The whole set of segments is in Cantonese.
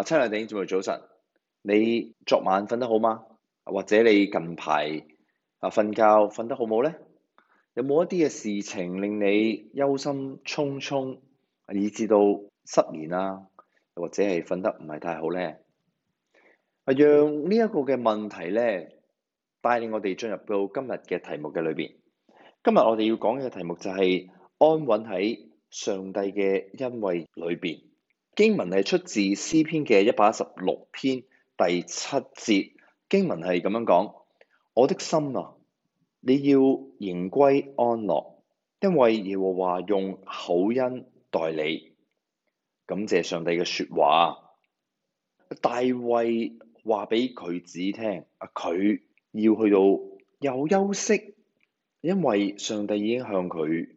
啊，親愛嘅弟兄姊妹，早晨！你昨晚瞓得好嗎？或者你近排啊瞓覺瞓得好冇咧？有冇一啲嘅事情令你憂心忡忡，以至到失眠啊，或者係瞓得唔係太好咧？啊，讓呢一個嘅問題咧，帶領我哋進入到今日嘅題目嘅裏邊。今日我哋要講嘅題目就係、是、安穩喺上帝嘅恩惠裏邊。經文係出自詩篇嘅一百一十六篇第七節，經文係咁樣講：我的心啊，你要仍歸安樂，因為耶和華用厚恩待你。感謝上帝嘅說話。大衛話畀佢子聽：，啊，佢要去到有休息，因為上帝已經向佢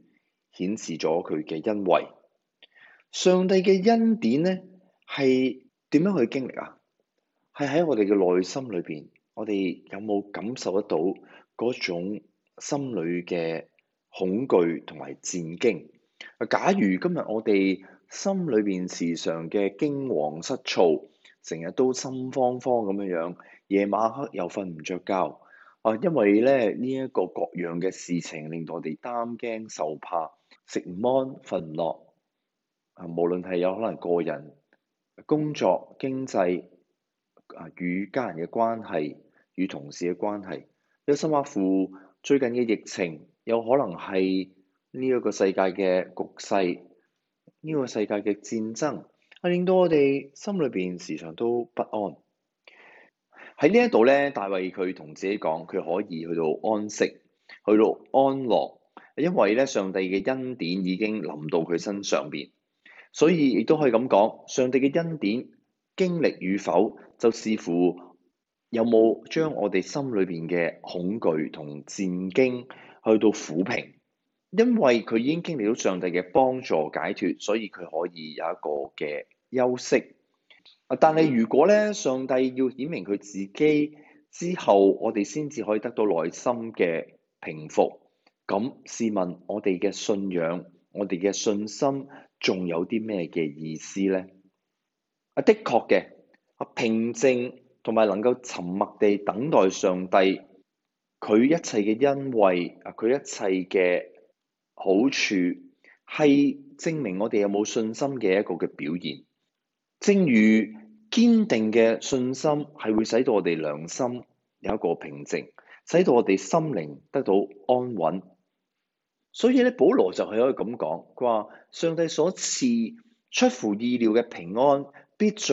顯示咗佢嘅恩惠。上帝嘅恩典咧，係點樣去經歷啊？係喺我哋嘅內心裏邊，我哋有冇感受得到嗰種心裏嘅恐懼同埋戰驚？啊，假如今日我哋心裏邊時常嘅驚惶失措，成日都心慌慌咁樣樣，夜晚黑又瞓唔着覺，啊，因為咧呢一個各樣嘅事情令到我哋擔驚受怕，食唔安，瞓唔落。啊，無論係有可能個人工作經濟啊，與家人嘅關係，與同事嘅關係，有、這個、甚至乎最近嘅疫情，有可能係呢一個世界嘅局勢，呢、這個世界嘅戰爭，啊，令到我哋心裏邊時常都不安。喺呢一度咧，大衛佢同自己講，佢可以去到安息，去到安樂，因為咧上帝嘅恩典已經臨到佢身上邊。所以亦都可以咁講，上帝嘅恩典經歷與否，就視乎有冇將我哋心裏邊嘅恐懼同戰驚去到撫平。因為佢已經經歷到上帝嘅幫助解脫，所以佢可以有一個嘅休息。但係如果咧，上帝要顯明佢自己之後，我哋先至可以得到內心嘅平復。咁試問我哋嘅信仰，我哋嘅信心，仲有啲咩嘅意思呢？啊，的確嘅，啊，平靜同埋能夠沉默地等待上帝，佢一切嘅恩惠啊，佢一切嘅好處，係證明我哋有冇信心嘅一個嘅表現。正如堅定嘅信心係會使到我哋良心有一個平靜，使到我哋心靈得到安穩。所以咧，保羅就係可以咁講，佢話上帝所賜出乎意料嘅平安，必在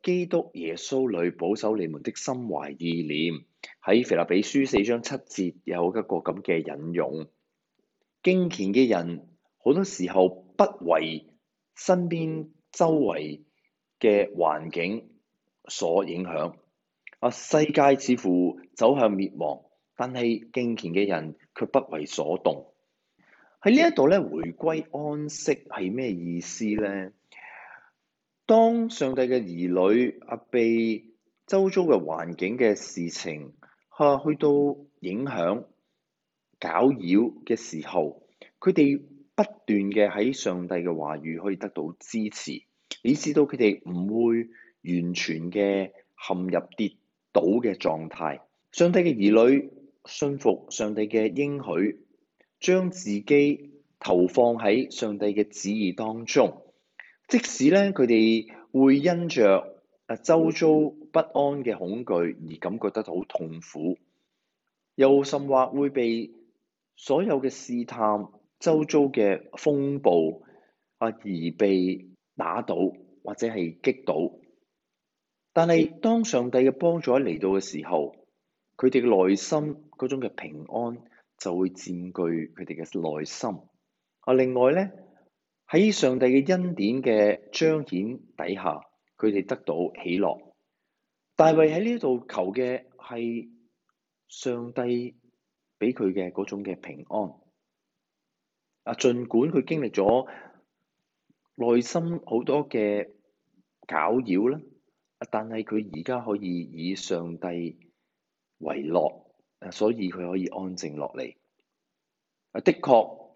基督耶穌裏保守你們的心懷意念。喺腓立比書四章七節有一個咁嘅引用。敬虔嘅人好多時候不為身邊周圍嘅環境所影響，啊，世界似乎走向滅亡，但係敬虔嘅人卻不為所動。喺呢一度咧，回歸安息係咩意思咧？當上帝嘅兒女啊，被周遭嘅環境嘅事情嚇、啊、去到影響、攪擾嘅時候，佢哋不斷嘅喺上帝嘅話語可以得到支持，以至到佢哋唔會完全嘅陷入跌倒嘅狀態。上帝嘅兒女信服上帝嘅應許。將自己投放喺上帝嘅旨意當中，即使咧佢哋會因着啊周遭不安嘅恐懼而感覺得到好痛苦，又甚或會被所有嘅試探、周遭嘅風暴啊而被打倒或者係擊倒。但係當上帝嘅幫助嚟到嘅時候，佢哋嘅內心嗰種嘅平安。就會佔據佢哋嘅內心。啊，另外咧，喺上帝嘅恩典嘅彰顯底下，佢哋得到喜樂。大衛喺呢度求嘅係上帝俾佢嘅嗰種嘅平安。啊，儘管佢經歷咗內心好多嘅攪擾啦，但係佢而家可以以上帝為樂。所以佢可以安靜落嚟。啊，的確，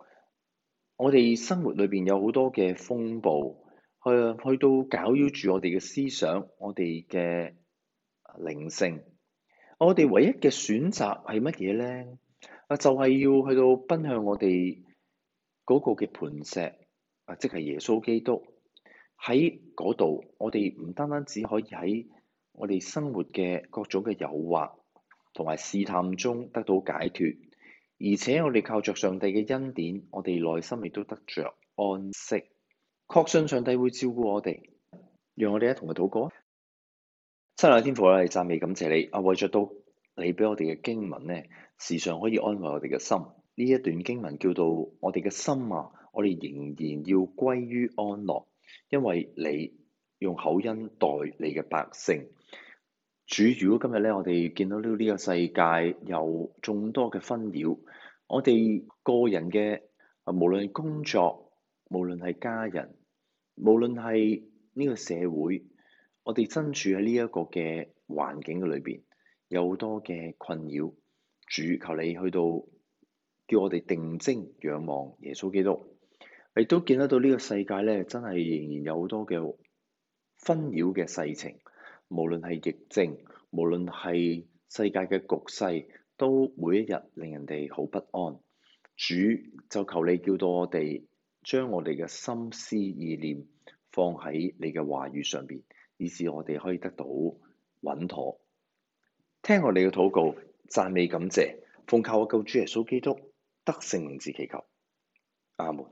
我哋生活裏邊有好多嘅風暴，去去到攪擾住我哋嘅思想，我哋嘅靈性。我哋唯一嘅選擇係乜嘢咧？啊，就係、是、要去到奔向我哋嗰個嘅磐石，啊，即係耶穌基督。喺嗰度，我哋唔單單只可以喺我哋生活嘅各種嘅誘惑，同埋試探中得到解脫，而且我哋靠着上帝嘅恩典，我哋內心亦都得着安息，確信上帝會照顧我哋。讓我哋一同去禱告啊！親愛的天父咧，讚美感謝你啊！為着到你俾我哋嘅經文呢，時常可以安慰我哋嘅心。呢一段經文叫做我哋嘅心啊，我哋仍然要歸於安樂，因為你用厚恩待你嘅百姓。主，如果今日咧，我哋見到呢個世界有眾多嘅紛擾，我哋個人嘅無論工作，無論係家人，無論係呢個社會，我哋身處喺呢一個嘅環境裏邊有好多嘅困擾，主，求你去到，叫我哋定睛仰望耶穌基督。亦都見得到呢個世界咧，真係仍然有好多嘅紛擾嘅世情。無論係疫症，無論係世界嘅局勢，都每一日令人哋好不安。主就求你叫到我哋，將我哋嘅心思意念放喺你嘅話語上面，以致我哋可以得到穩妥。聽我哋嘅禱告，讚美感謝，奉靠我救主耶穌基督得勝名字祈求，阿門。